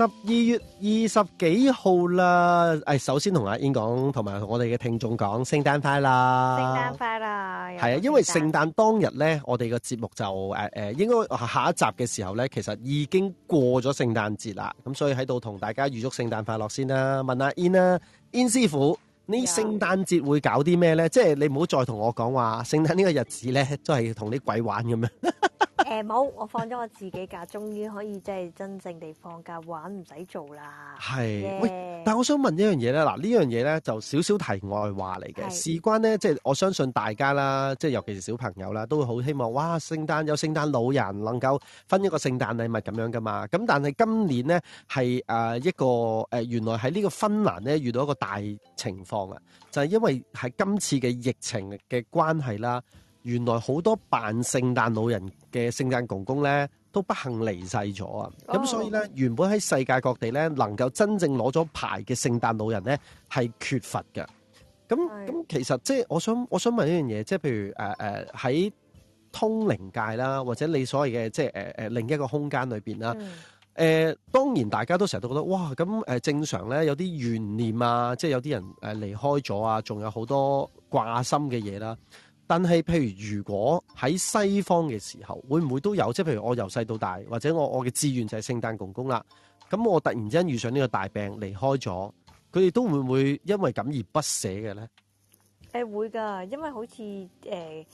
十二月二十幾號啦，誒、哎，首先同阿燕講，同埋我哋嘅聽眾講聖誕快樂啦，聖誕快樂，係啊，因為聖誕當日呢，我哋嘅節目就誒誒、呃，應該下一集嘅時候呢，其實已經過咗聖誕節啦，咁所以喺度同大家預祝聖誕快樂先啦。問阿燕啦，燕師傅，你聖誕節會搞啲咩呢？即係你唔好再同我講話，聖誕呢個日子呢，都係同啲鬼玩咁樣。誒、欸，冇，我放咗我自己假，終於可以即係真正地放假玩，唔使做啦。係，yeah. 喂，但係我想問一樣嘢咧，嗱呢樣嘢咧就少少題外話嚟嘅，事關咧即係我相信大家啦，即係尤其是小朋友啦，都會好希望，哇，聖誕有聖誕老人，能夠分一個聖誕禮物咁樣噶嘛。咁但係今年咧係誒一個誒，原來喺呢個芬蘭咧遇到一個大情況啊，就係、因為喺今次嘅疫情嘅關係啦。原來好多扮聖誕老人嘅聖誕公公咧都不幸離世咗啊！咁所以咧，oh. 原本喺世界各地咧能夠真正攞咗牌嘅聖誕老人咧係缺乏嘅。咁咁其實即係我想我想問一樣嘢，即係譬如誒誒喺通靈界啦，或者你所謂嘅即係誒誒另一個空間裏邊啦。誒、mm. 呃、當然大家都成日都覺得哇！咁誒正常咧有啲怨念啊，即係有啲人誒離開咗啊，仲有好多掛心嘅嘢啦。但係，譬如如果喺西方嘅時候，會唔會都有？即係譬如我由細到大，或者我我嘅志願就係聖誕公公啦。咁我突然之間遇上呢個大病離開咗，佢哋都會唔會因為咁而不捨嘅咧？誒會㗎，因為好似誒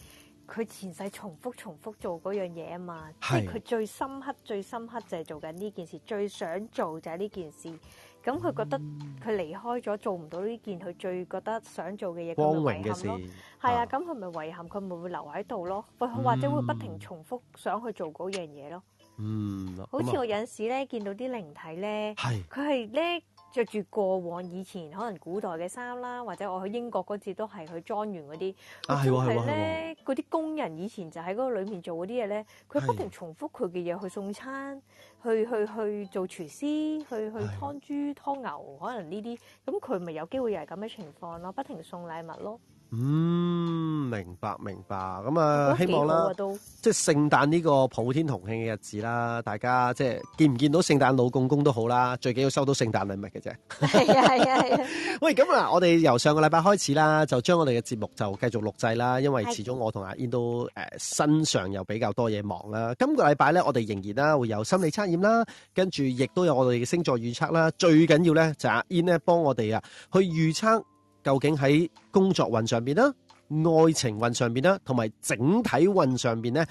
佢前世重複重複做嗰樣嘢啊嘛，即係佢最深刻最深刻就係做緊呢件事，最想做就係呢件事。咁佢覺得佢離開咗做唔到呢件佢最覺得想做嘅嘢咁嘅遺憾咯，係啊，咁佢咪遺憾佢咪會留喺度咯，嗯、或者會不停重複想去做嗰樣嘢咯，嗯，好似我有陣時咧見到啲靈體咧，佢係咧。着住過往以前可能古代嘅衫啦，或者我去英國嗰次都係去莊園嗰啲，仲係咧嗰啲工人以前就喺嗰個裏面做嗰啲嘢咧，佢不停重複佢嘅嘢去送餐，去去去做廚師，去去劏豬劏牛，可能呢啲咁佢咪有機會又係咁嘅情況咯，不停送禮物咯。嗯，明白明白，咁、嗯、啊、嗯，希望啦，都即係聖誕呢個普天同慶嘅日子啦，大家即係見唔見到聖誕老公公都好啦，最緊要收到聖誕禮物嘅啫。係啊係啊係啊！ 喂，咁啊，我哋由上個禮拜開始啦，就將我哋嘅節目就繼續錄製啦，因為始終我同阿燕都誒、呃、身上又比較多嘢忙啦。今個禮拜咧，我哋仍然啦會有心理測驗啦，跟住亦都有我哋嘅星座預測啦，最緊要咧就是，阿燕咧幫我哋啊去預測。究竟喺工作運上面啦、愛情運上面啦，同埋整體運上面咧，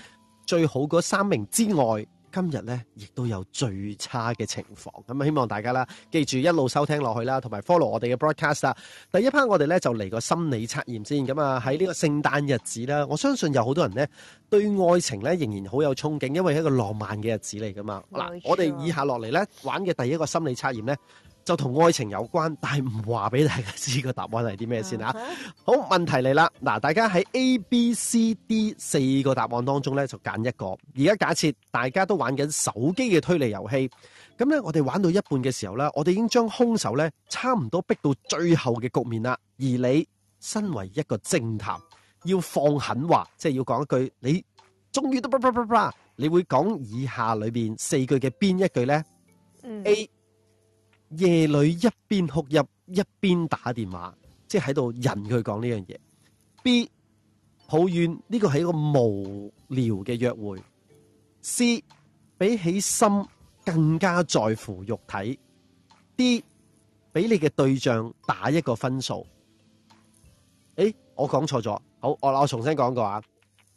最好嗰三名之外，今日咧亦都有最差嘅情況。咁啊，希望大家啦，記住一路收聽落去啦，同埋 follow 我哋嘅 broadcast 啊。第一 part 我哋咧就嚟個心理測驗先。咁啊，喺呢個聖誕日子啦，我相信有好多人咧對愛情咧仍然好有憧憬，因為係一個浪漫嘅日子嚟㗎嘛。嗱，我哋以下落嚟咧玩嘅第一個心理測驗咧。就同愛情有關，但係唔話俾大家知個答案係啲咩先吓，uh-huh. 好問題嚟啦！嗱，大家喺 A、B、C、D 四個答案當中咧，就揀一個。而家假設大家都玩緊手機嘅推理遊戲，咁咧我哋玩到一半嘅時候啦，我哋已經將兇手咧差唔多逼到最後嘅局面啦。而你身為一個偵探，要放狠話，即係要講一句，你終於都啪啪啪啪，你會講以下裏邊四句嘅邊一句咧？A、uh-huh. 夜裏一邊哭泣一邊打電話，即係喺度引佢講呢樣嘢。B 抱怨呢個係一個無聊嘅約會。C 比起心更加在乎肉體。D 俾你嘅對象打一個分數。誒、欸，我講錯咗，好我我重新講過啊，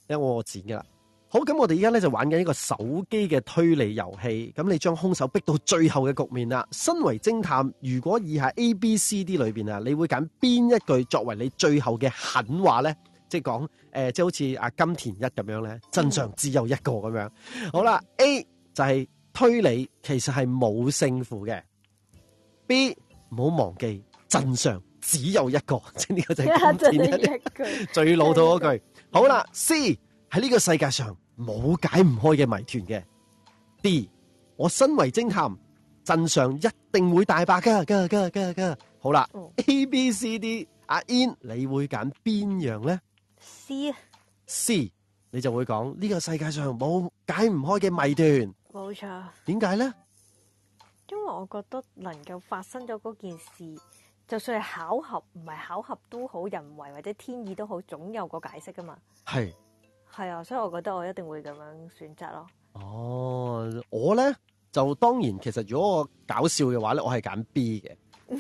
因為我,我剪噶啦。好，咁我哋而家咧就玩緊一個手機嘅推理遊戲。咁你將兇手逼到最後嘅局面啦。身為偵探，如果以下 A、B、C、D 裏邊啊，你會揀邊一句作為你最後嘅狠話咧？即係講誒，即係好似阿金田一咁樣咧，真相只有一個咁樣。好啦，A 就係推理，其實係冇勝負嘅。B 唔好忘記真相只有一個，即呢個就係金田一最老土嗰句。好啦，C。喺呢個世界上冇解唔開嘅謎團嘅，D，我身為偵探，真相一定會大白噶，噶，噶，噶，噶，好啦，A、B、C、D，阿 Ian，你會揀邊樣咧？C 啊，C，你就會講呢個世界上冇解唔開嘅謎團。冇錯。點解咧？因為我覺得能夠發生咗嗰件事，就算係巧合，唔係巧合都好，人為或者天意都好，總有個解釋噶嘛。係。係啊，所以我覺得我一定會咁樣選擇咯。哦，我咧就當然其實如果我搞笑嘅話咧，我係揀 B 嘅。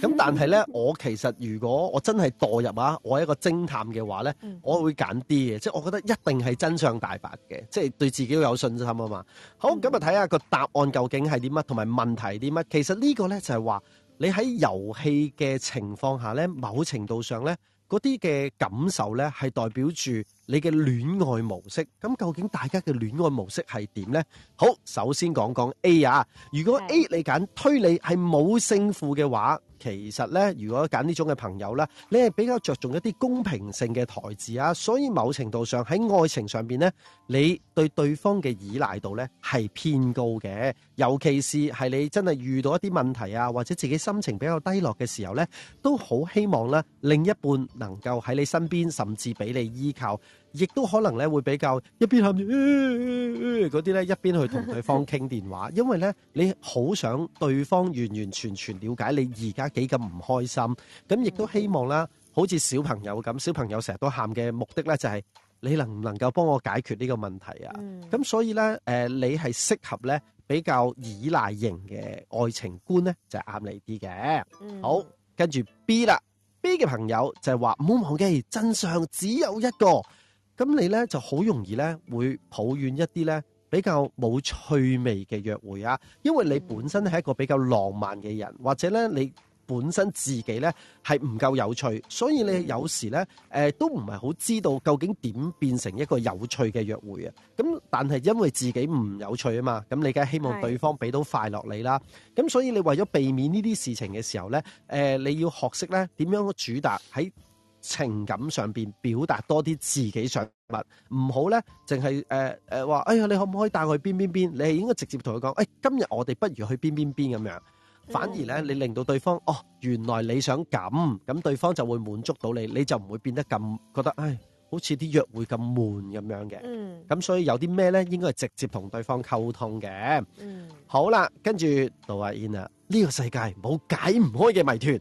咁但係咧， 我其實如果我真係墮入啊，我係一個偵探嘅話咧、嗯，我會揀 D 嘅。即係我覺得一定係真相大白嘅，即係對自己都有信心啊嘛。好，咁啊睇下個答案究竟係啲乜，同埋問題啲乜。其實呢個咧就係話你喺遊戲嘅情況下咧，某程度上咧嗰啲嘅感受咧係代表住。你嘅戀愛模式，咁究竟大家嘅戀愛模式係點呢？好，首先講講 A 啊。如果 A 你揀推理係冇勝負嘅話，其實呢，如果揀呢種嘅朋友呢，你係比較著重一啲公平性嘅台詞啊。所以某程度上喺愛情上邊呢，你對對方嘅依賴度呢係偏高嘅，尤其是係你真係遇到一啲問題啊，或者自己心情比較低落嘅時候呢，都好希望呢另一半能夠喺你身邊，甚至俾你依靠。亦都可能咧，會比較一邊喊住嗰啲咧，一邊去同對方傾電話， 因為咧，你好想對方完完全全了解你而家幾咁唔開心，咁亦都希望啦，好似小朋友咁，小朋友成日都喊嘅目的咧，就是，就係你能唔能夠幫我解決呢個問題啊？咁 所以咧，誒，呃，你係適合咧比較依賴型嘅愛情觀咧，就係、是、啱你啲嘅。 好，跟住 B 啦，B 嘅朋友就係話唔好忘記，真相只有一個。咁你咧就好容易咧會抱怨一啲咧比較冇趣味嘅約會啊，因為你本身係一個比較浪漫嘅人，或者咧你本身自己咧係唔夠有趣，所以你有時咧誒都唔係好知道究竟點變成一個有趣嘅約會啊。咁但係因為自己唔有趣啊嘛，咁你梗係希望對方俾到快樂你啦。咁所以你為咗避免呢啲事情嘅時候咧，誒你要學識咧點樣主達喺，情感上邊表達多啲自己想法，唔好咧淨係誒誒話，哎呀你可唔可以帶我去邊邊邊？你係應該直接同佢講，誒今日我哋不如去邊邊邊咁樣。反而咧你令到對方哦，原來你想咁，咁對方就會滿足到你，你就唔會變得咁覺得，哎好似啲約會咁悶咁樣嘅。嗯，咁所以有啲咩咧，應該係直接同對方溝通嘅。嗯，好啦，跟住到阿 Ena，呢個世界冇解唔開嘅謎團。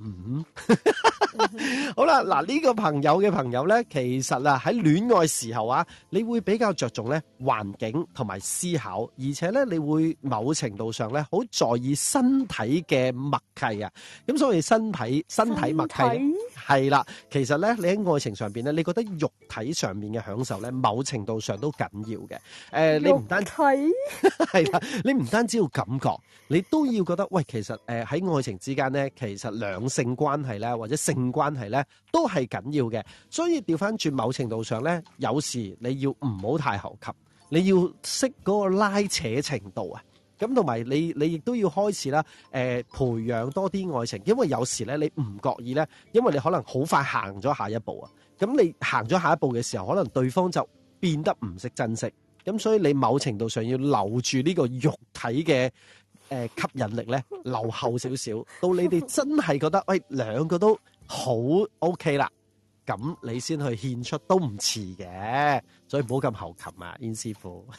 嗯， 好啦，嗱、這、呢個朋友嘅朋友咧，其實啊喺戀愛時候啊，你會比較着重咧環境同埋思考，而且咧你會某程度上咧好在意身體嘅默契啊。咁所謂身體身體默契係啦，其實咧你喺愛情上邊咧，你覺得肉體上面嘅享受咧，某程度上都緊要嘅。誒、呃，你唔單係係啦，你唔單止要感覺，你都要覺得喂，其實誒喺、呃、愛情之間咧，其實兩個性關係咧，或者性關係咧，都係緊要嘅。所以調翻轉，某程度上咧，有時你要唔好太猴急，你要識嗰個拉扯程度啊。咁同埋，你你亦都要開始啦，誒，培養多啲愛情，因為有時咧，你唔覺意咧，因為你可能好快行咗下一步啊。咁你行咗下一步嘅時候，可能對方就變得唔識珍惜。咁所以你某程度上要留住呢個肉體嘅。誒，吸引力咧，留後少少，到你哋真係覺得，喂，兩個都好 OK 啦，咁你先去獻出都唔遲嘅，所以唔好咁猴擒啊，燕師傅。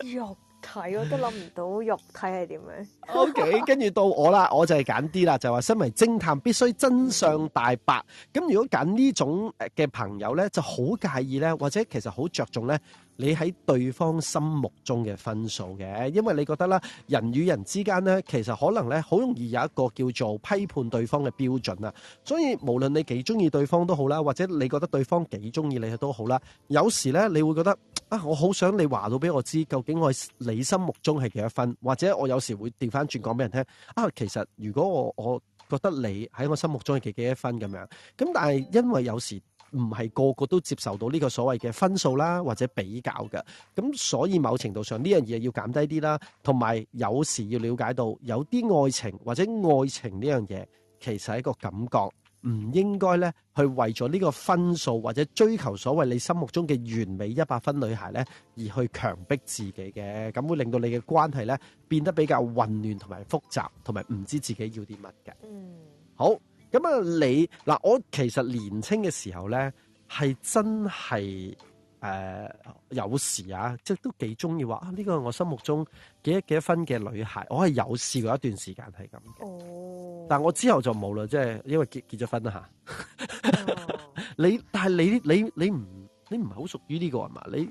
肉體我都諗唔到，肉體係點樣？OK，跟住到我啦，我就係揀 D 啦，就話身為偵探必須真相大白，咁、嗯、如果揀呢種嘅朋友咧，就好介意咧，或者其實好着重咧。你喺對方心目中嘅分數嘅，因為你覺得啦，人與人之間咧，其實可能咧，好容易有一個叫做批判對方嘅標準啊。所以無論你幾中意對方都好啦，或者你覺得對方幾中意你都好啦，有時咧，你會覺得啊，我好想你話到俾我知，究竟我喺你心目中係幾多分？或者我有時會調翻轉講俾人聽，啊，其實如果我我覺得你喺我心目中係幾幾多分咁樣？咁但係因為有時，唔係個個都接受到呢個所謂嘅分數啦，或者比較嘅，咁所以某程度上呢樣嘢要減低啲啦，同埋有，有時要了解到有啲愛情或者愛情呢樣嘢，其實係一個感覺，唔應該呢去為咗呢個分數或者追求所謂你心目中嘅完美一百分女孩呢，而去強迫自己嘅，咁會令到你嘅關係呢，變得比較混亂同埋複雜，同埋唔知自己要啲乜嘅。嗯，好。咁啊，你嗱，我其實年青嘅時候咧，係真係誒、呃、有時啊，即係都幾中意話啊，呢個我心目中幾多幾多分嘅女孩，我係有試過一段時間係咁嘅。哦，但我之後就冇啦，即係因為結結咗婚啦嚇。你但係你你你唔你唔係好屬於呢個係嘛？你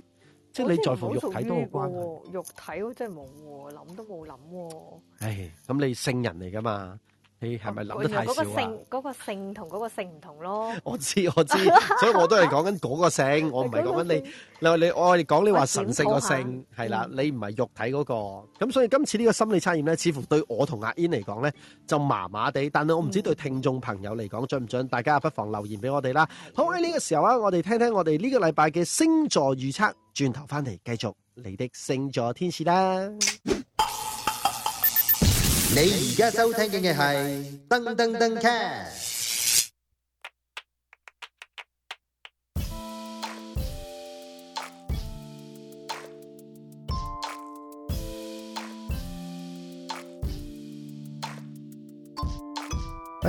即係你在乎肉體都好關。肉體好真係冇喎，諗都冇諗喎。唉，咁你聖人嚟㗎嘛？你係咪諗得太少啊？嗰個性，嗰個性同嗰個性唔同咯。我知我知，所以我都係講緊嗰個性，我唔係講緊你。你你我我哋講你話神聖個性係啦，你唔係肉體嗰個。咁所以今次呢個心理測驗咧，似乎對我同阿 Ian 嚟講咧就麻麻地，但係我唔知對聽眾朋友嚟講準唔準。大家不妨留言俾我哋啦。好，喺呢個時候啊，我哋聽聽我哋呢個禮拜嘅星座預測，轉頭翻嚟繼續你的星座天使啦。你而家收聽嘅係噔噔噔 cat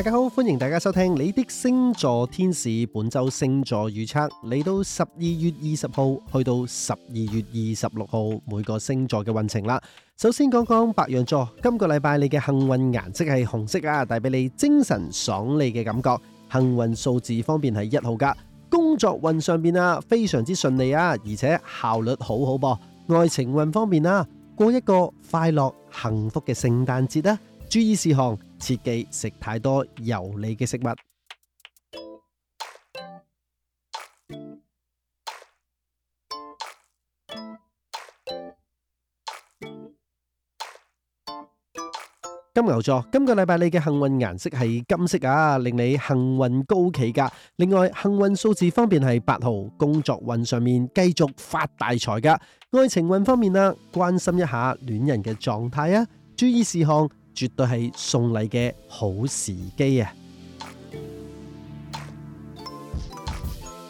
大家好，歡迎大家收聽你的星座天使本周星座預測，嚟到十二月二十號，去到十二月二十六號，每個星座嘅運程啦。首先講講白羊座，今個禮拜你嘅幸運顏色係紅色啊，帶俾你精神爽利嘅感覺。幸運數字方面係一號㗎，工作運上邊啊非常之順利啊，而且效率好好噃。愛情運方面啊，過一個快樂幸福嘅聖誕節啊。注意事項，切忌食太多油膩嘅食物。金牛座，今個禮拜你嘅幸運顏色係金色啊，令你幸運高企噶。另外，幸運數字方面係八號，工作運上面繼續發大財噶。愛情運方面啊，關心一下戀人嘅狀態啊，注意事項。絕對係送禮嘅好時機啊！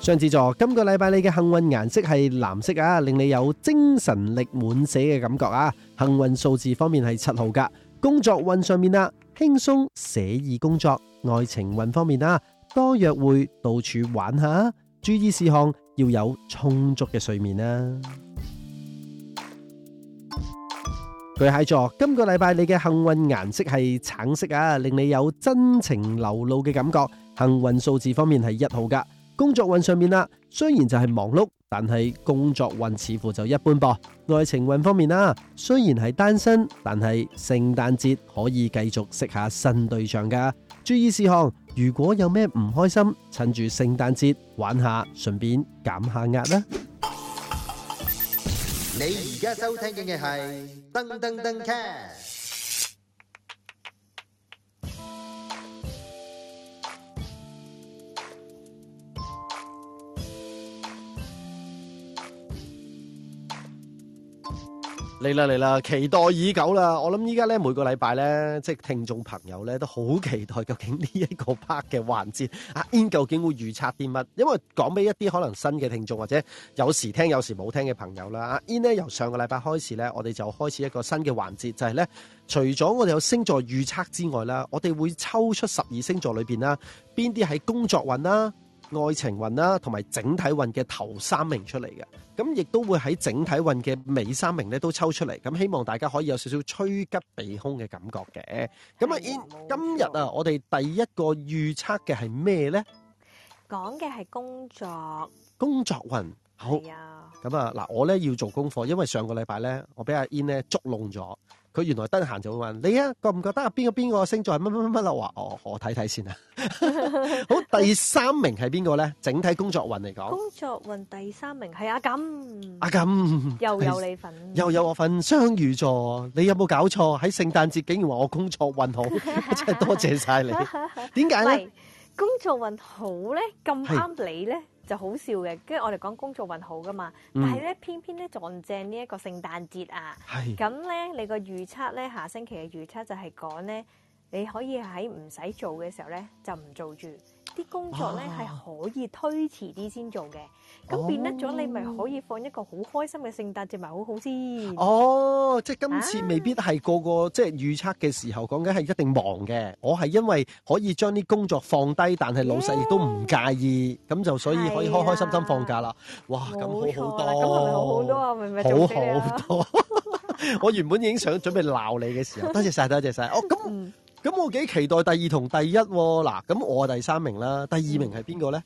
雙子座，今個禮拜你嘅幸運顏色係藍色啊，令你有精神力滿瀉嘅感覺啊！幸運數字方面係七號噶，工作運上面啦、啊，輕鬆寫意工作；愛情運方面啦、啊，多約會，到處玩下。注意事項，要有充足嘅睡眠啊。巨蟹座，今個禮拜你嘅幸運顏色係橙色啊，令你有真情流露嘅感覺。幸運數字方面係一號噶。工作運上面啦，雖然就係忙碌，但係工作運似乎就一般噃。愛情運方面啦，雖然係單身，但係聖誕節可以繼續識下新對象噶。注意事項，如果有咩唔開心，趁住聖誕節玩下，順便減下壓啦。你而家收聽嘅係噔噔噔 cat 嚟啦嚟啦，期待已久啦！我諗依家咧每個禮拜咧，即係聽眾朋友咧都好期待，究竟呢一個 part 嘅環節，阿 Ian 究竟會預測啲乜？因為講俾一啲可能新嘅聽眾或者有時聽有時冇聽嘅朋友啦，阿 Ian 咧由上個禮拜開始咧，我哋就開始一個新嘅環節，就係咧除咗我哋有星座預測之外啦，我哋會抽出十二星座裏邊啦，邊啲係工作運啦、愛情運啦同埋整體運嘅頭三名出嚟嘅。咁亦都會喺整體運嘅尾三名咧都抽出嚟，咁希望大家可以有少少趨吉避凶嘅感覺嘅。咁啊，Ian，今日啊，我哋第一個預測嘅係咩咧？講嘅係工作，工作運。好。咁啊，嗱，我咧要做功課，因為上個禮拜咧，我俾阿 Ian 咧捉弄咗。佢原來得閒就會問你啊，覺唔覺得邊個邊個星座係乜乜乜乜啦？我話哦，我睇睇先啊。 好，第三名係邊個咧？整體工作運嚟講，工作運第三名係阿咁阿咁，又有你份，又有我份，雙魚座。你有冇搞錯？喺聖誕節竟然話我工作運好，真係多謝晒你。點 解工作運好咧，咁啱你咧？就好笑嘅，跟住我哋講工作運好㗎嘛，嗯、但係咧偏偏咧撞正呢一個聖誕節啊，係、咁咧你個預測咧下星期嘅預測就係講咧，你可以喺唔使做嘅時候咧就唔做住，啲工作咧係、啊、可以推遲啲先做嘅。咁變得咗，你咪可以放一個好開心嘅聖誕節，仲埋好好先。哦，即係今次未必係個個，啊、即係預測嘅時候講緊係一定忙嘅。我係因為可以將啲工作放低，但係老細亦都唔介意，咁就所以可以開開心心放假啦、嗯。哇，咁好好，嗯啊、好好多，咁咪好好多啊！明明好好多。我原本已影經想準備鬧你嘅時候，多謝晒，多謝晒。哦，咁咁、嗯、我幾期待第二同第一嗱、啊。咁我係第三名啦，第二名係邊個咧？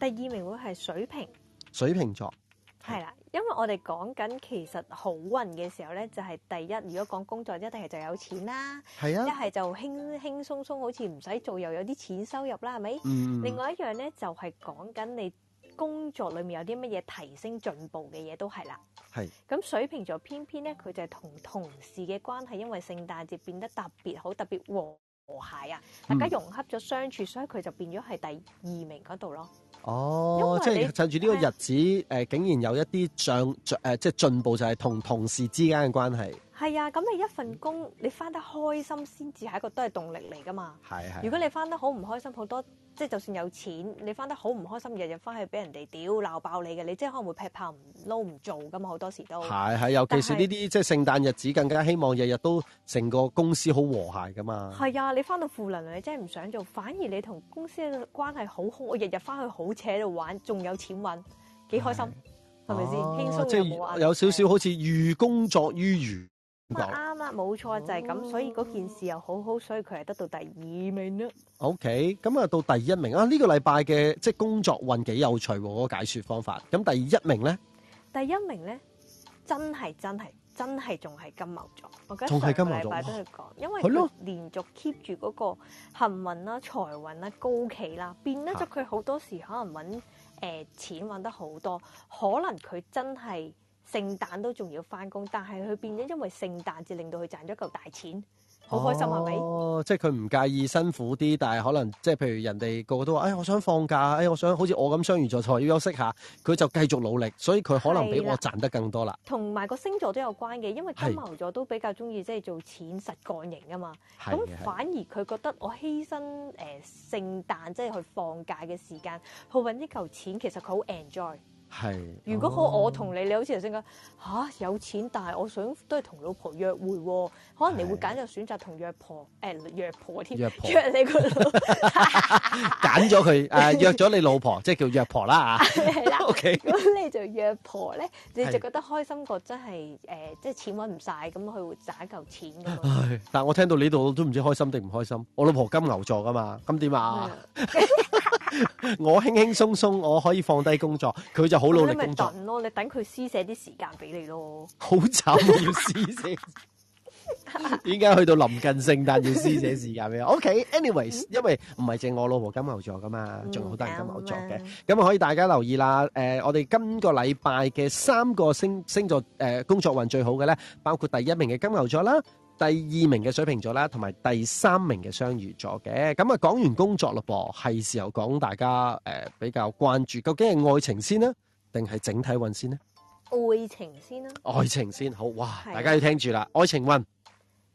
第二名會係水瓶。水瓶座係啦，因為我哋講緊其實好運嘅時候咧，就係、是、第一，如果講工作，一定係就有錢啦，一係、啊、就輕輕鬆鬆，好似唔使做又有啲錢收入啦，係咪、嗯？另外一樣咧，就係講緊你工作裡面有啲乜嘢提升進步嘅嘢都係啦。係咁，水瓶座偏偏咧，佢就係同同事嘅關係，因為聖誕節變得特別好，特別和和諧啊，大家融洽咗相處，嗯、所以佢就變咗係第二名嗰度咯。哦，即係趁住呢個日子，誒、呃，竟然有一啲進誒，即係進步，就係同同事之間嘅關係。係啊，咁你一份工，你翻得開心先至係一個都係動力嚟噶嘛。係係。如果你翻得好唔開心，好多即係就算有錢，你翻得好唔開心，日日翻去俾人哋屌鬧爆你嘅，你即係可能會劈炮唔撈唔做噶嘛，好多時都係係。尤其是呢啲即係聖誕日子，更加希望日日都成個公司好和諧噶嘛。係啊，你翻到負能量，你真係唔想做。反而你同公司嘅關係好好，我日日翻去好扯喺度玩，仲有錢搵，幾開心，係咪先？輕鬆有，有，即有少少好似寓工作於娛。啱、啊、啦，冇錯、啊、就係、是、咁、哦，所以嗰件事又好好，所以佢係得到第二名 OK，咁、嗯、啊到第一名啊，呢、這個禮拜嘅即係工作運幾有趣喎，嗰個解説方法。咁第一名咧，第一名咧真係真係真係仲係金牛座，我覺得。仲係金牛座。禮拜都係講，因為佢連續 keep 住嗰個行運啦、財運啦、高企啦，變得咗佢好多時可能揾誒錢揾得好多、啊，可能佢真係。聖誕都仲要翻工，但係佢變咗，因為聖誕節令到佢賺咗嚿大錢，好開心係咪？哦，係咪即係佢唔介意辛苦啲，但係可能即係譬如人哋個個都話：哎，我想放假，哎，我想好似我咁雙魚座，要休息下，佢就繼續努力，所以佢可能比我賺得更多啦。同埋個星座都有關嘅，因為金牛座都比較中意即係做錢實幹型啊嘛。咁反而佢覺得我犧牲誒、呃、聖誕即係去放假嘅時間去揾呢嚿錢，其實佢好 enjoy。係，如果好、哦、我我同你，你好似頭先講，嚇、啊、有錢，但係我想都係同老婆約會，可能你會揀咗選擇同約婆，誒、欸、約婆添，約你個老婆，揀咗佢，誒、 啊、約咗你老婆， 即係叫約婆啦啊。係 啦，OK，咁你就約婆咧，你就覺得開心過真係誒、呃，即係錢揾唔晒，咁佢會賺一嚿錢咁。但係我聽到你呢度，都唔知開心定唔開心。我老婆金牛座㗎嘛，咁點啊？ 我輕輕鬆鬆我可以放低工作，佢就好努力工作。你等佢施捨啲時間俾你咯。 好慘,要施捨笑 點解去到臨近聖誕要施捨時間俾我？OK,anyways，因為唔係淨我老婆金牛座㗎嘛，仲有好多人金牛座嘅。咁可以大家留意啦，呃，我哋今個禮拜嘅三個星，星座，呃，工作運最好嘅呢，包括第一名嘅金牛座啦。第二名嘅水瓶座啦，同埋第三名嘅雙魚座嘅，咁啊講完工作咯噃，係時候講大家誒比較關注，究竟係愛情先咧，定係整體運先咧？愛情先啦，愛情先好哇！大家要聽住啦，愛情運，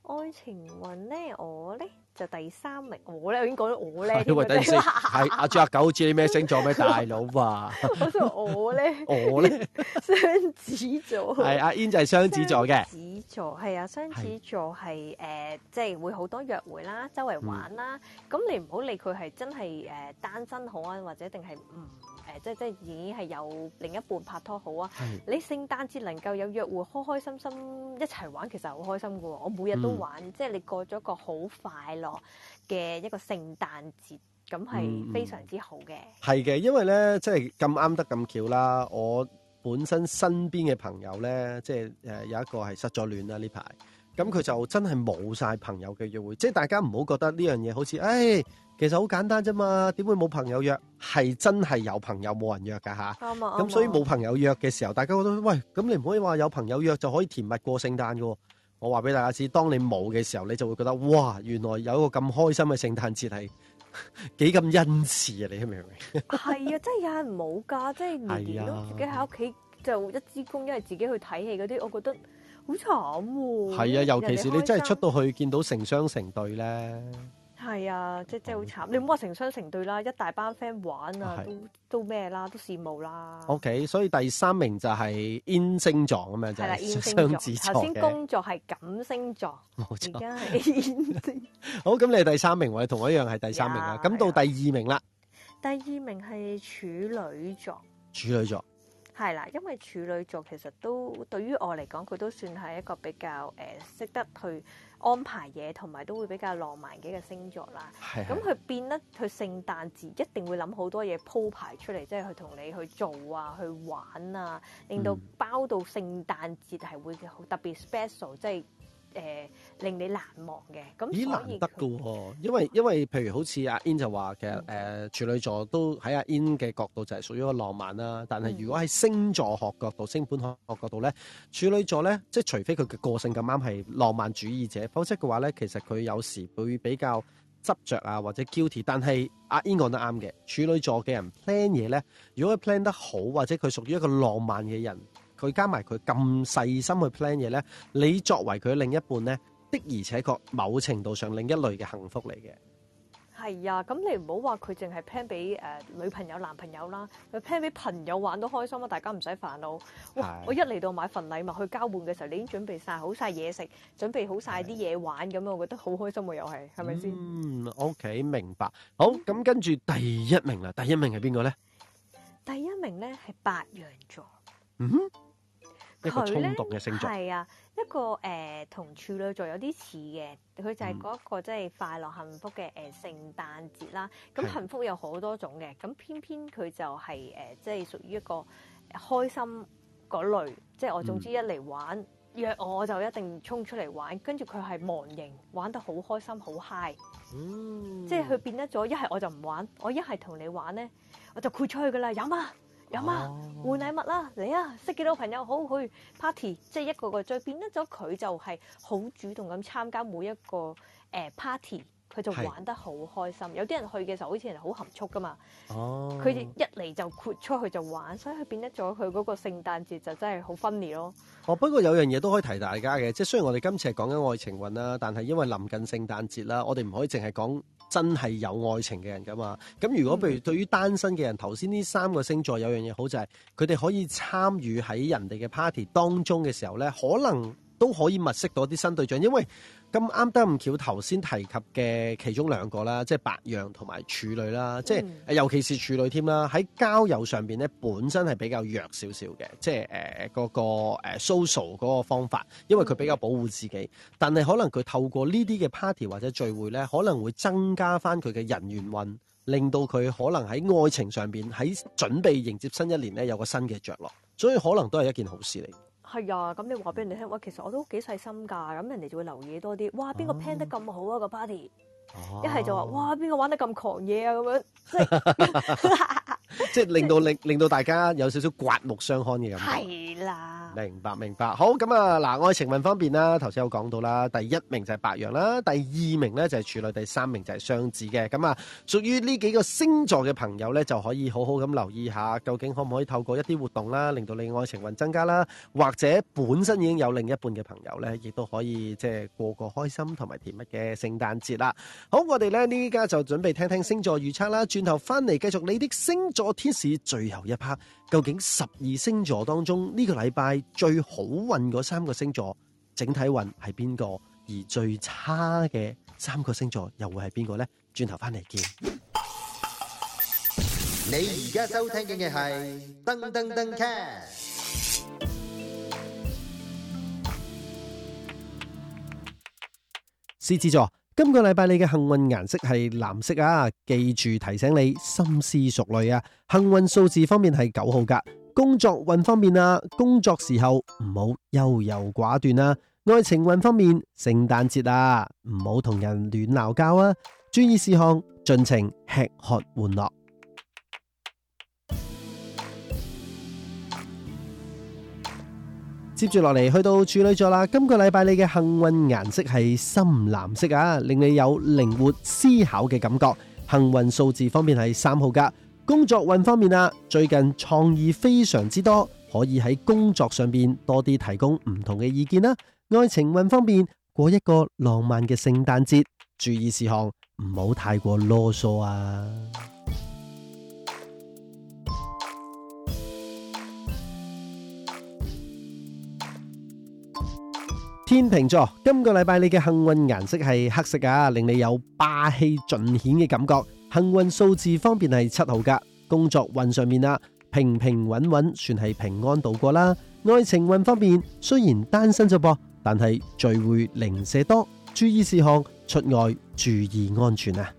愛情運咧，我咧。就第三名，我咧已經講咗我咧。因為等陣先，係阿豬阿狗，好似你咩星座咩大佬啊？好 似我咧，我咧 雙子座。係 阿煙就係雙子座嘅。雙子座係啊，雙子座係誒，即、呃、係、就係、會好多約會啦，周圍玩啦。咁你唔好理佢係真係誒單身好啊，或者定係唔？誒即係即係已經係有另一半拍拖好啊！你聖誕節能夠有約會，開開心心一齊玩，其實好開心噶喎！我每日都玩、嗯，即係你過咗個好快樂嘅一個聖誕節，咁係非常之好嘅。係、嗯、嘅、嗯，因為咧即係咁啱得咁巧啦。我本身身邊嘅朋友咧，即係誒有一個係失咗戀啦呢排，咁佢就真係冇晒朋友嘅約會，即係大家唔好覺得呢樣嘢好似誒。哎其實好簡單啫嘛，點會冇朋友約？係真係有朋友冇人約噶吓，咁所以冇朋友約嘅時候，大家覺得喂，咁你唔可以話有朋友約就可以甜蜜過聖誕噶？我話俾大家知，當你冇嘅時候，你就會覺得哇，原來有一個咁開心嘅聖誕節係幾咁恩賜啊！你明唔明？係 啊，真係有人冇噶，即係年年都自己喺屋企就一支公，因為自己去睇戲嗰啲，我覺得好慘喎。係啊，尤其是你真係出到去見到成雙成對咧。係啊，即、嗯、即好慘，你唔好話成雙成對啦，一大班 friend 玩啊，啊是都都咩啦，都羨慕啦。O、okay, K，所以第三名就係金星座咁樣就雙子座。頭、嗯、先、嗯、工作係金星座，冇錯。是 好，咁你是第三名，或者同我一樣係第三名啊。咁到第二名啦、啊，第二名係處女座。處女座，係、嗯、啦、啊，因為處女座其實都對於我嚟講，佢都算係一個比較誒識、呃、得去。安排嘢同埋都會比較浪漫嘅嘅星座啦，咁佢變得佢聖誕節一定會諗好多嘢鋪排出嚟，即係去同你去做啊，去玩啊，令到包到聖誕節係會好特別 special，即係。誒令你難忘嘅，咁咦難得嘅喎，因為因為譬如好似阿 Ian 就話，其實誒、嗯、處女座都喺阿 Ian 嘅角度就係屬於一個浪漫啦。但係如果喺星座學角度、星盤學角度咧，處女座咧，即係除非佢嘅個性咁啱係浪漫主義者，否則嘅話咧，其實佢有時會比較執着啊，或者挑剔。但係阿 Ian 講得啱嘅，處女座嘅人 plan 嘢咧，如果佢 plan 得好，或者佢屬於一個浪漫嘅人。佢加埋佢咁細心去 plan 嘢咧，你作為佢另一半咧，的而且確某程度上另一類嘅幸福嚟嘅。係啊，咁你唔好話佢淨係 plan 俾誒女朋友、男朋友啦，佢 plan 俾朋友玩都開心啊！大家唔使煩惱。哇！我一嚟到買份禮物去交換嘅時候，你已經準備晒好晒嘢食，準備好晒啲嘢玩咁啊！我覺得好開心啊！又係係咪先？嗯，OK，明白。好，咁跟住第一名啦，第一名係邊個咧？第一名咧係白羊座。嗯。佢咧係啊，一個誒同、呃、處女座有啲似嘅，佢就係嗰一個、嗯、即係快樂幸福嘅誒聖誕節啦。咁幸福有好多種嘅，咁偏偏佢就係、是、誒、呃、即係屬於一個開心嗰類。即係我總之一嚟玩、嗯、約我，就一定衝出嚟玩。跟住佢係忘形，玩得好開心，好嗨。嗯，即係佢變得咗，一係我就唔玩，我一係同你玩咧，我就豁出去噶啦，飲啊！有、嗯、啊，換禮物啦，嚟啊！識幾多朋友好去 party，即係一個個變變，咗佢就係好主動咁參加每一個誒 party。佢就玩得好開心，有啲人去嘅時候，好似人好含蓄㗎嘛。佢、哦、一嚟就豁出去就玩，所以佢變得咗佢嗰個聖誕節就真係好 funny 咯。哦，不過有樣嘢都可以提大家嘅，即係雖然我哋今次係講緊愛情運啦，但係因為臨近聖誕節啦，我哋唔可以淨係講真係有愛情嘅人㗎嘛。咁如果譬如對於單身嘅人，頭先呢三個星座有樣嘢好就係佢哋可以參與喺人哋嘅 party 當中嘅時候呢，可能都可以物識到啲新對象，因為，咁啱得咁巧，頭先提及嘅其中兩個啦，即係白羊同埋處女啦，即、嗯、係尤其是處女添啦，喺交友上面咧，本身係比較弱少少嘅，即係誒嗰個、呃、social 嗰個方法，因為佢比較保護自己，嗯、但係可能佢透過呢啲嘅 party 或者聚會咧，可能會增加翻佢嘅人緣運，令到佢可能喺愛情上面，喺準備迎接新一年咧，有個新嘅着落，所以可能都係一件好事嚟。係啊，咁你話俾人哋聽，喂，其實我都幾細心㗎，咁人哋就會留意多啲。哇，邊個 plan 得咁好啊，個 party，一係就話，哇，邊個玩得咁狂野啊，咁樣， 即係令到令令到大家有少少刮目相看嘅咁。係啦。明白，明白。好咁啊，嗱，愛情運方面啦，頭先有講到啦。第一名就係白羊啦，第二名呢就係處女，第三名就係雙子嘅。咁啊，屬於呢幾個星座嘅朋友呢，就可以好好咁留意下，究竟可唔可以透過一啲活動啦，令到你愛情運增加啦，或者本身已經有另一半嘅朋友呢，亦都可以即係過個開心同埋甜蜜嘅聖誕節啦。好，我哋呢，呢家就準備聽聽星座預測啦，轉頭翻嚟繼續你的星座天使最後一 part。究竟十二星座當中呢個禮拜最好運嗰三個星座整體運係邊個，而最差嘅三個星座又會係邊個呢？轉頭翻嚟見。你而家收聽嘅係《噔噔噔 Cat》獅子座。今個禮拜你嘅幸運顏色係藍色啊！記住提醒你深思熟慮啊！幸運數字方面係九號㗎，工作運方面啊，工作時候唔好優柔寡斷啊！愛情運方面，聖誕節啊，唔好同人亂嗌交啊！注意事項，盡情吃喝玩樂。接住落嚟去到處女座啦，今個禮拜你嘅幸運顏色係深藍色啊，令你有靈活思考嘅感覺。幸運數字方面係三號㗎，工作運方面啊，最近創意非常之多，可以喺工作上邊多啲提供唔同嘅意見啦啊。愛情運方面，過一個浪漫嘅聖誕節，注意事項唔好太過囉嗦啊。天秤座，今個禮拜你嘅幸運顏色係黑色啊，令你有霸氣盡顯嘅感覺。幸運數字方面係七號噶，工作運上面啊，平平穩穩，算係平安度過啦。愛情運方面雖然單身啫噃，但係聚會零舍多，注意事項，出外注意安全啊！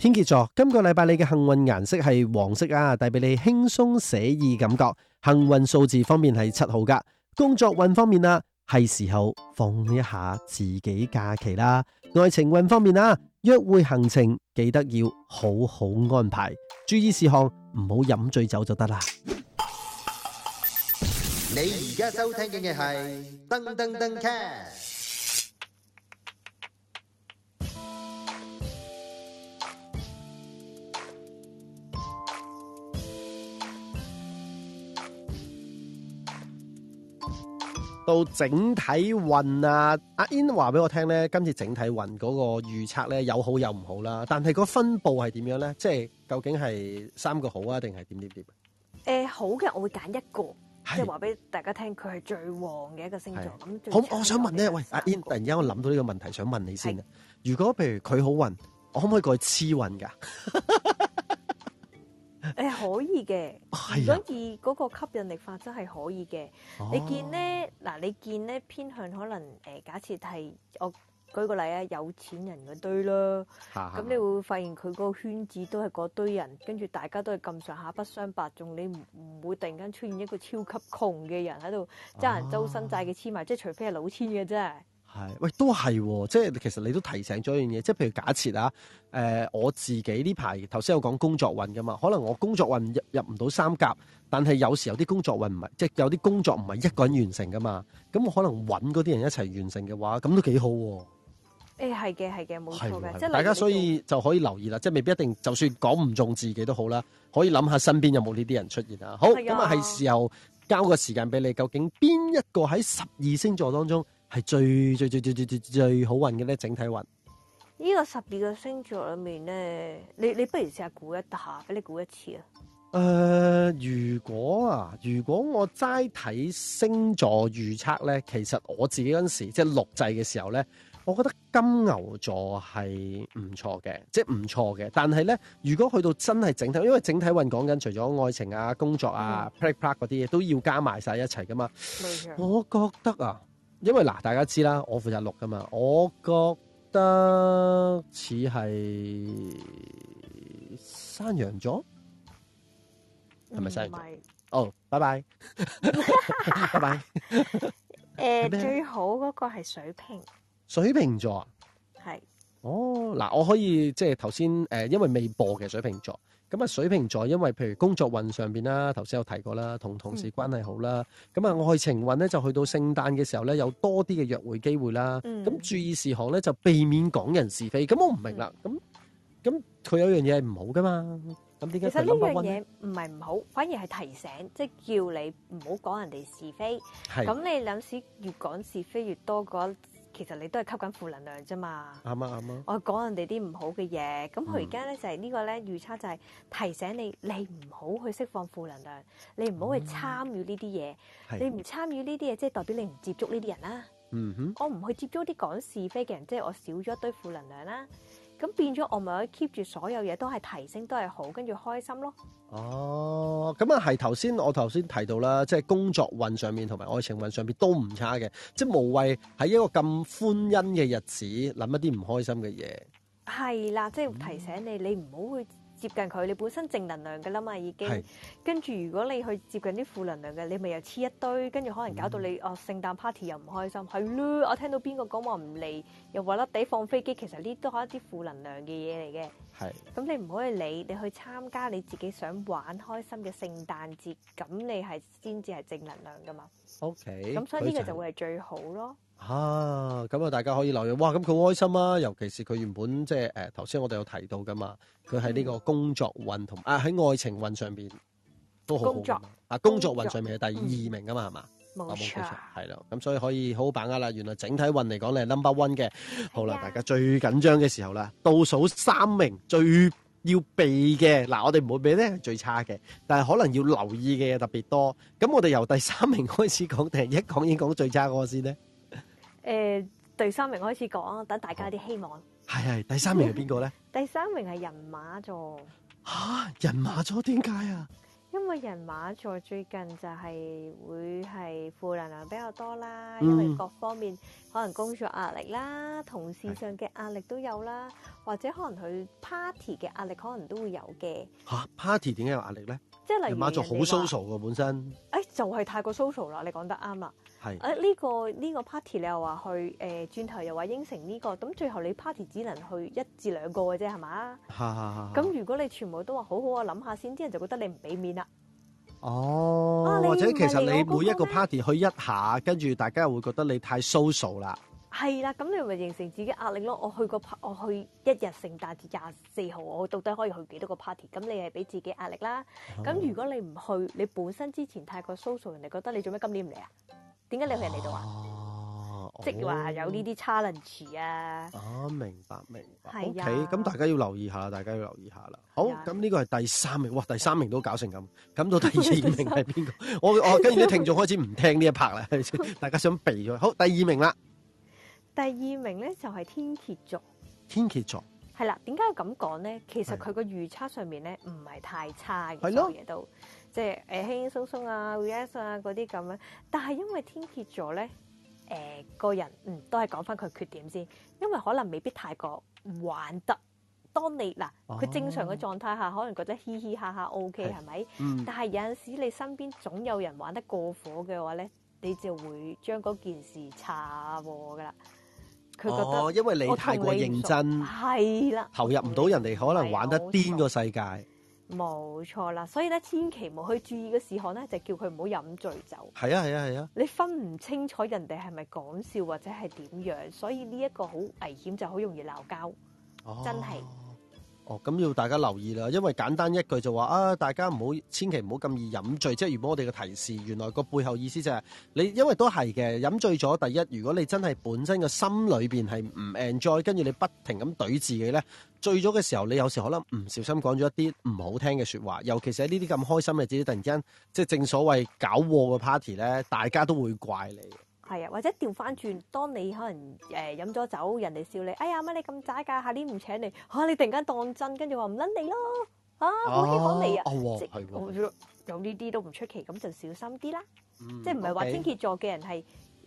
天蠍座，今個禮拜你嘅幸運顏色係黃色啊，帶俾你輕鬆寫意感覺。幸運數字方面係七號噶，工作運方面啊，係時候放一下自己假期啦。愛情運方面啊，約會行程記得要好好安排，注意事項唔好飲醉酒就得啦。你而家收聽嘅係登登登卡到整體運啊，阿 Ian 話俾我聽咧，今次整體運嗰個預測咧有好有唔好啦，但係個分佈係點樣咧？即係究竟係三個好啊，定係點點點？誒好嘅，我會揀一個，即係話俾大家聽，佢係最旺嘅一個星座。咁好，我想問咧，喂，阿 Ian，突然間我諗到呢個問題，想問你先啊。如果譬如佢好運，我可唔可以過去黐運㗎？誒可以嘅，所以嗰個吸引力法則係可以嘅、啊。你見咧，嗱你見咧，偏向可能誒，假設係我舉個例啊，有錢人嗰堆啦，咁、啊、你會發現佢個圈子都係嗰堆人，跟住大家都係咁上下不相伯仲，你唔唔會突然間出現一個超級窮嘅人喺度爭人周身債嘅黐埋，即係除非係老千嘅啫。係，喂，都係、哦，即係其實你都提醒咗一樣嘢，即係譬如假設啊，誒、呃，我自己呢排頭先有講工作運噶嘛，可能我工作運入入唔到三甲，但係有時候有啲工作運唔係，即係有啲工作唔係一個人完成噶嘛，咁我可能搵嗰啲人一齊完成嘅話，咁都幾好、哦。誒、欸，係嘅，係嘅，冇錯嘅，即係大家所以就可以留意啦，即係未必一定就算講唔中自己都好啦，可以諗下身邊有冇呢啲人出現啊。好，咁啊係時候交個時間俾你，究竟邊一個喺十二星座當中，係最最最最最最最好運嘅咧，整體運呢、呢個十二個星座裏面咧，你你不如試下估一下，俾你估一次啊。誒、呃，如果啊，如果我齋睇星座預測咧，其實我自己嗰陣時即係錄製嘅時候咧，我覺得金牛座係唔錯嘅，即係唔錯嘅。但係咧，如果去到真係整體，因為整體運講緊除咗愛情啊、工作啊、plan plan 嗰啲嘢都要加埋晒一齊噶嘛。我覺得啊。因為嗱，大家知啦，我負責錄噶嘛，我覺得似係山羊座，係咪山羊座？唔係哦，拜拜，拜、oh, 拜、 呃。誒， 最好嗰個係水瓶，水瓶座啊，係。哦，嗱、oh,，我可以即係頭先誒，因為未播嘅水瓶座。咁啊，水瓶座，因為譬如工作運上邊啦，頭先有提過啦，同同事關係好啦。咁啊，愛情運咧就去到聖誕嘅時候咧有多啲嘅約會機會啦。咁注意事項咧就避免講人是非。咁我唔明啦。咁咁佢有樣嘢係唔好噶嘛？咁點解其實呢樣嘢唔係唔好，反而係提醒，即係叫你唔好講人哋是非。咁你臨時越講是非越多個。其實你都係吸緊負能量啫嘛，啱啊啱啊，我講人哋啲唔好嘅嘢，咁佢而家咧就係呢個咧預測就係提醒你，你唔好去釋放負能量，你唔好去參與呢啲嘢，你唔參與呢啲嘢，即係代表你唔接觸呢啲人啦，嗯哼，我唔去接觸啲講是非嘅人，即係我少咗一堆負能量啦。咁變咗，我咪可以 keep 住所有嘢都係提升，都係好，跟住開心咯。哦，咁啊，係頭先我頭先提到啦，即係工作運上面同埋愛情運上面都唔差嘅，即係無謂喺一個咁歡欣嘅日子諗一啲唔開心嘅嘢。係啦，即係提醒你，嗯、你唔好去接近佢，你本身正能量嘅啦嘛，已經。跟住如果你去接近啲負能量嘅，你咪又黐一堆，跟住可能搞到你、嗯、哦聖誕 party 又唔開心。係嚕。我聽到邊個講話唔嚟，又話甩地，放飛機，其實呢都係一啲負能量嘅嘢嚟嘅。係。咁你唔可以理，你去參加你自己想玩開心嘅聖誕節，咁你係先至係正能量噶嘛。OK。咁所以呢個就會係最好咯。啊，咁啊，大家可以留意。哇，咁佢好開心啊！尤其是佢原本即係誒，頭、呃、先我哋有提到噶嘛，佢喺呢個工作運同啊喺愛情運上邊都好好。工作啊，工作運、啊、上面係第二名啊嘛，係、嗯、嘛？冇錯，係咯。咁所以可以好好把握啦。原來整體運嚟講，你係 number one 嘅。好啦，大家最緊張嘅時候啦，倒數三名最要避嘅嗱、啊，我哋唔會俾咧最差嘅，但係可能要留意嘅嘢特別多。咁我哋由第三名開始講，定係一講已經講到最差嗰先咧？誒、呃、第三名開始講，等大家啲希望。係，係，第三名係邊個咧？ 第三名係人馬座。嚇、啊！人馬座點解啊？因為人馬座最近就係會係負能量比較多啦，嗯、因為各方面可能工作壓力啦、同事上嘅壓力都有啦，或者可能佢 party 嘅壓力可能都會有嘅。嚇！party 點解有壓力咧？即、就、係、是、例如人馬座好 social 嘅、啊、本身。就係、是、太過 social 啦，你講得啱啦。誒呢、啊這個呢、這個 party 你又話去誒、呃，轉頭又話應承、這、呢個咁最後你 party 只能去一至兩個嘅啫，係嘛？咁、啊、如果你全部都話好好，啊諗下先，啲人就覺得你唔俾面啦。哦、啊哥哥，或者其實你每一個 party 去一下，跟住大家又會覺得你太 social 啦。係啦，咁你咪形成自己壓力咯。我去個 part，我去一日聖誕節廿四號，我到底可以去幾多個 party？咁你係俾自己壓力啦。咁、哦、如果你唔去，你本身之前太過 social，人哋覺得你做咩今年唔嚟啊？點解你去人哋度啊？即係話有呢啲 challenge 啊。哦，明白、啊、明白。係 O K，咁大家要留意下，大家要留意下啦。好，咁呢個係第三名，哇！第三名都搞成咁，咁到第二名係邊個？我我跟住啲聽眾開始唔聽呢一 part 啦。 大家想避咗。好，第二名啦。第二名咧就係、是、天蠍座，天蠍座係啦。點解要咁講咧？其實佢個預測上面咧唔係太差嘅，好多嘢都即係誒輕輕鬆鬆啊 relax 啊嗰啲咁樣。但係因為天蠍座咧，誒、呃、個人嗯都係講翻佢缺點先，因為可能未必太過玩得。當你嗱佢正常嘅狀態下、哦，可能覺得嘻嘻哈哈 OK 係咪、嗯？但係有陣時你身邊總有人玩得過火嘅話咧，你就會將嗰件事差㗎啦。佢覺得，哦，因為你太過認真，係啦，投入唔到人哋可能玩得癲個世界，冇錯啦。所以咧，千祈冇去注意嘅事項咧，就叫佢唔好飲醉酒。係啊，係啊，係啊。你分唔清楚人哋係咪講笑或者係點樣，所以呢一個好危險，就好容易鬧交，哦，真係。哦，咁要大家留意啦，因為簡單一句就話啊。大家唔好千祈唔好咁易飲醉。即係如果我哋嘅提示，原來個背後意思就係、是、你，因為都係嘅飲醉咗。第一，如果你真係本身嘅心裏邊係唔 enjoy，跟住你不停咁懟自己呢，醉咗嘅時候，你有時可能唔小心講咗一啲唔好聽嘅說話，尤其是喺呢啲咁開心嘅日子，突然間即係正所謂搞禍嘅 party 呢，大家都會怪你。係啊，或者調翻轉，當你可能誒、呃、飲咗酒，人哋笑你，哎呀乜你咁渣㗎，下年唔請你嚇、啊，你突然間當真，跟住話唔撚你咯，啊好喜歡你啊，即係有呢啲都唔出奇，咁就小心啲啦，即係唔係話天蠍座嘅人係誒、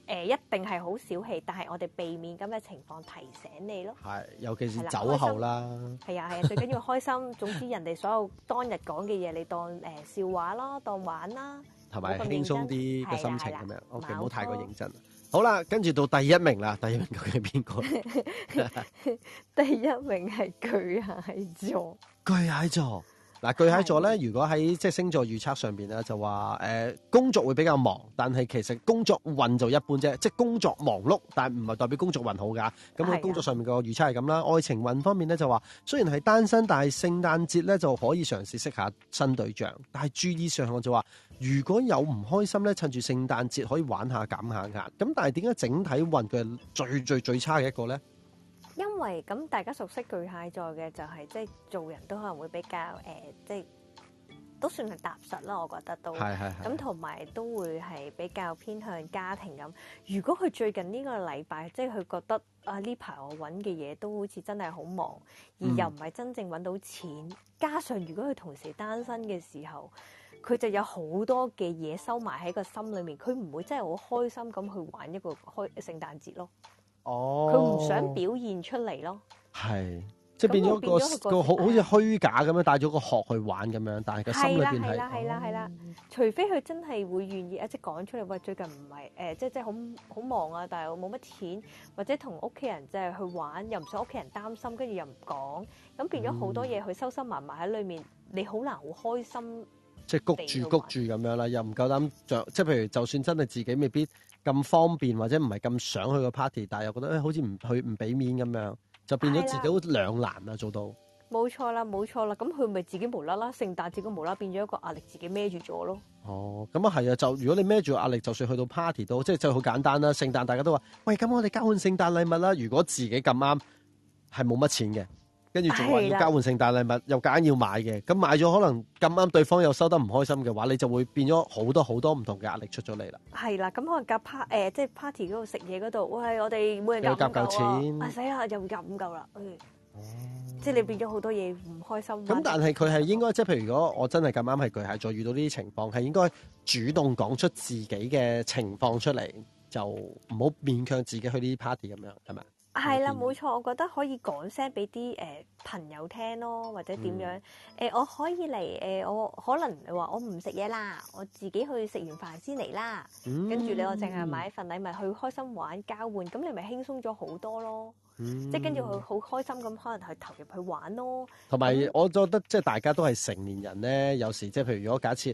呃、一定係好小氣，但係我哋避免咁嘅情況，提醒你咯。係，尤其是酒後啦。係啊係啊，啊，最緊要開心， 總之人哋所有當日講嘅嘢，你當誒、呃、笑話啦，當玩啦。同埋輕鬆啲嘅心情咁樣，OK，唔好太過認真。OK, OK，認真認真好啦，跟住到第一名啦，第一名究竟係邊個？ 第一名係巨蟹座，巨蟹座。嗱，巨蟹座咧，如果喺即係星座預測上面，咧，就話誒、呃、工作會比較忙，但係其實工作運就一般啫，即係工作忙碌，但係唔係代表工作運好㗎。咁喺工作上面個預測係咁啦。愛情運方面咧，就話雖然係單身，但係聖誕節咧就可以嘗試識下新對象，但係注意上我就話、是，如果有唔開心咧，趁住聖誕節可以玩下減下壓。咁但係點解整體運佢係最最最差嘅一個咧？因為咁，大家熟悉巨蟹座嘅就係即係做人都可能會比較誒、呃，即係都算係踏實咯。我覺得都，係係係，咁同埋都會係比較偏向家庭咁。如果佢最近呢個禮拜，即係佢覺得啊呢排我揾嘅嘢都好似真係好忙，而又唔係真正揾到錢，嗯。加上如果佢同時單身嘅時候，佢就有好多嘅嘢收埋喺個心裏面，佢唔會真係好開心咁去玩一個開聖誕節咯。哦，佢唔想表現出嚟咯，係即係變咗個個好好似虛假咁樣帶咗個殼去玩咁樣，但係個心裏邊係，係啦係啦係啦，除非佢真係會願意一直講出嚟，喂，最近唔係誒即係即係好好忙啊，但係我冇乜錢，或者同屋企人即係去玩又唔想屋企人擔心，跟住又唔講，咁變咗好多嘢，佢收收埋埋喺裏面，嗯、你好難好開心。即係谷住谷住咁樣啦，又唔夠膽着，即係譬如就算真係自己未必咁方便，或者唔係咁想去個 party，但係又覺得誒、哎、好似唔去唔俾面咁樣，就變咗自己好兩難啦，做到。冇錯啦，冇錯啦，咁佢咪自己無啦啦，聖誕節都無啦變咗一個壓力，自己孭住咗咯。哦，咁啊係啊，就如果你孭住壓力，就算去到 party 都，即係就好、是、簡單啦、啊。聖誕大家都話，喂，咁我哋交換聖誕禮物啦。如果自己咁啱，係冇乜錢嘅。跟住仲要交換聖誕禮物，又夾硬要買嘅，咁買咗可能咁啱對方又收得唔開心嘅話，你就會變咗好多好多唔同嘅壓力出咗嚟啦。係啦，咁可能夾 part、呃、即係 party 嗰度食嘢嗰度，喂，我哋每人夾嚿錢啊，使下、啊、又夾唔夠啦，即係你變咗好多嘢唔開心。咁但係佢係應該，即係譬如如果我真係咁啱係巨蟹座，遇到呢啲情況，係應該主動講出自己嘅情況出嚟，就唔好勉強自己去呢啲 party 咁樣，係咪？係啦，冇錯，我覺得可以講聲俾啲誒朋友聽咯，或者點樣誒、嗯呃，我可以嚟誒、呃，我可能你話我唔食嘢啦，我自己去食完飯先嚟啦，跟、嗯、住你我淨係買一份禮物去開心玩交換，咁你咪輕鬆咗好多咯。即係跟住佢好開心咁，可能去投入去玩咯。同埋，我覺得即係大家都係成年人咧，有時即係譬如如果假設誒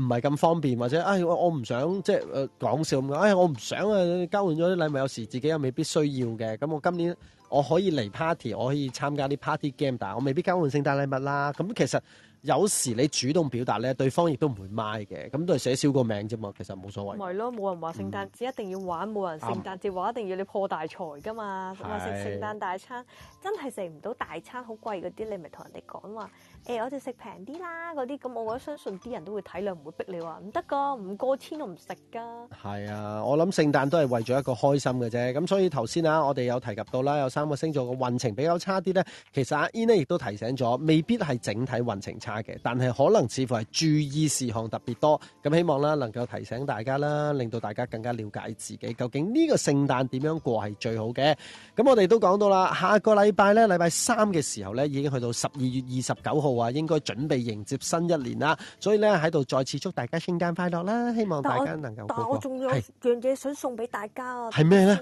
唔係咁方便，或者哎我唔想即係誒講笑咁樣，哎我唔想啊交換咗啲禮物，有時自己又未必需要嘅。咁我今年我可以嚟 party，我可以參加啲 party game，但係我未必交換聖誕禮物啦。咁其實。有時你主動表達咧，對方亦都唔會買嘅，咁都係寫少個名啫嘛，其實冇所謂。唔係咯，冇人話聖誕節一定要玩，嗯，冇人聖誕節話一定要你破大財噶嘛，話食聖誕大餐，真係食唔到大餐好貴嗰啲，你咪同人哋講話，誒、欸、我哋食平啲啦，嗰啲咁，我覺得相信啲人都會體諒，唔會逼你話唔得噶，唔過天都唔食噶。係啊，我諗聖誕都係為咗一個開心嘅啫。咁所以頭先啊，我哋有提及到啦，有三個星座個運程比較差啲呢。其實阿 Ian 咧亦都提醒咗，未必係整體運程差嘅，但係可能似乎係注意事項特別多。咁希望啦，能夠提醒大家啦，令到大家更加了解自己究竟呢個聖誕點樣過係最好嘅。咁我哋都講到啦，下個禮拜呢，禮拜三嘅時候呢，已經去到十二月二十九號。話應該準備迎接新一年啦，所以咧喺度再次祝大家聖誕快樂啦！希望大家能夠，但我仲有樣嘢想送俾大家啊！係咩咧？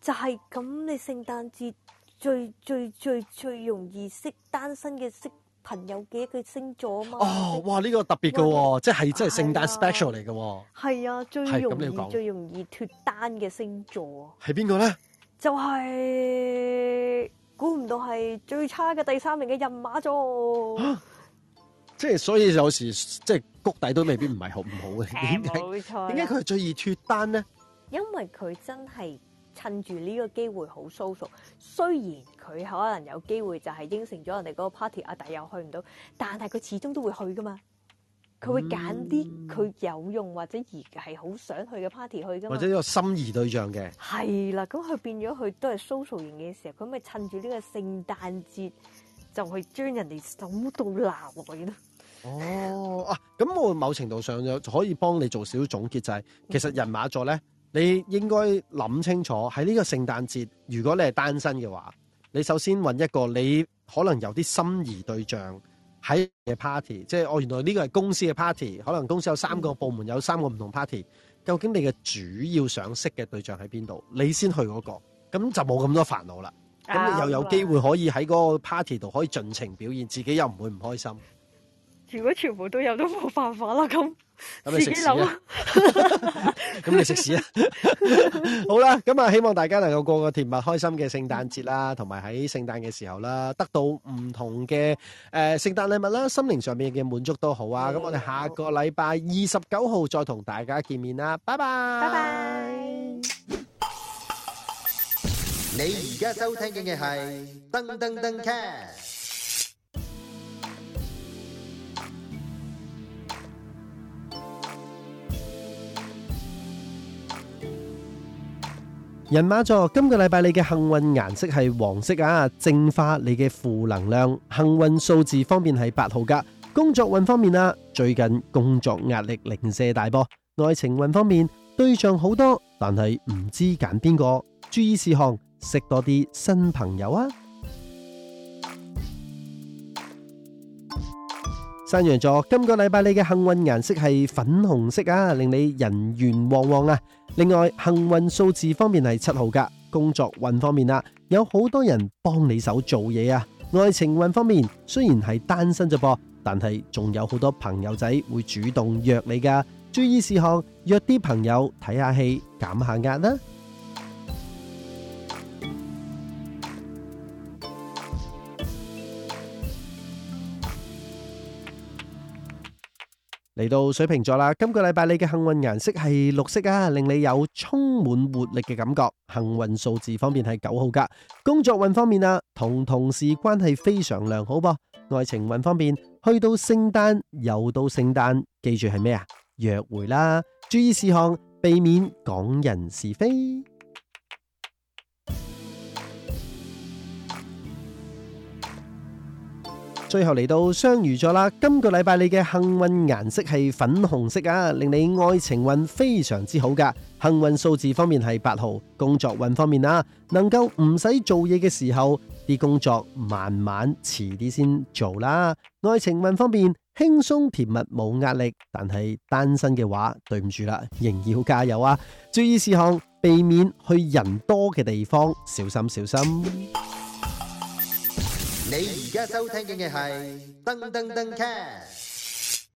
就係、是、咁，你聖誕節最最最最容易識單身嘅識朋友嘅一個星座啊嘛！哦，就是、哇，呢、這個特別噶，即係真係聖誕 special 嚟噶，係啊，啊，最容易最容易脫單嘅星座啊！係邊個咧？就係、是。估唔到係最差嘅第三名嘅人馬座，啊，即係所以有時即係谷底都未必唔係好唔好嘅。點解點解佢最易脫單咧？因為佢真係趁住呢個機會好 so so 雖然佢可能有機會就係應承咗人哋嗰個 party，阿弟又去唔到，但係佢始終都會去噶嘛。佢會揀啲佢有用或者而係好想去嘅 party 去㗎，或者呢個心儀對象嘅係啦，咁佢變咗佢都係 social 型嘅時候，佢咪趁住呢個聖誕節就去將人哋手到落去咯。哦，啊，咁我某程度上就可以幫你做少少總結就係、是，其實人馬座咧，你應該諗清楚喺呢個聖誕節，如果你係單身嘅話，你首先揾一個你可能有啲心儀對象。喺嘅 party，即係我原來呢個係公司嘅 party，可能公司有三個部門，有三個唔同 party。究竟你嘅主要想識嘅對象喺邊度？你先去嗰個，咁就冇咁多煩惱啦。咁你又有機會可以喺嗰個 party 度可以盡情表現，自己又唔會唔開心。如果全部都有都冇辦法啦，咁自己諗啦。咁你食屎啦！好啦，咁啊，希望大家能夠過個甜蜜開心嘅聖誕節啦，同埋喺聖誕嘅時候啦，得到唔同嘅誒聖誕禮物啦，心靈上面嘅滿足都好啊。咁我哋下個禮拜二十九號再同大家見面啦，拜拜。拜拜。你而家收聽緊嘅係登登登 cash。人馬座今個禮拜你嘅幸運顏色係黃色啊，淨化你嘅負能量。幸運數字方面係八號噶，工作運方面啊，最近工作壓力零舍大噃啊。愛情運方面對象好多，但係唔知揀邊個。注意事項，識多啲新朋友啊。山羊座今個禮拜你嘅幸運顏色係粉紅色啊，令你人緣旺旺啊。另外，幸運數字方面係七號噶。工作運方面啦、啊，有好多人幫你手做嘢啊。愛情運方面，雖然係單身啫噃，但係仲有好多朋友仔會主動約你噶。注意事項，約啲朋友睇下戲，減下壓啦。嚟到水瓶座啦，今個禮拜你嘅幸運顏色係綠色啊，令你有充滿活力嘅感覺。幸運數字方面係九號噶，工作運方面啊，同同事關係非常良好噃、啊。愛情運方面，去到聖誕又到聖誕，記住係咩啊？約會啦，注意事項，避免講人是非。最後嚟到雙魚座啦，今個禮拜你嘅幸運顏色係粉紅色啊，令你愛情運非常之好噶。幸運數字方面係八號，工作運方面啊，能夠唔使做嘢嘅時候，啲工作慢慢遲啲先做啦。愛情運方面輕鬆甜蜜冇壓力，但係單身嘅話，對唔住啦，仍要加油啊！注意事項，避免去人多嘅地方，小心小心。你而家收聽嘅係《噔噔噔 cat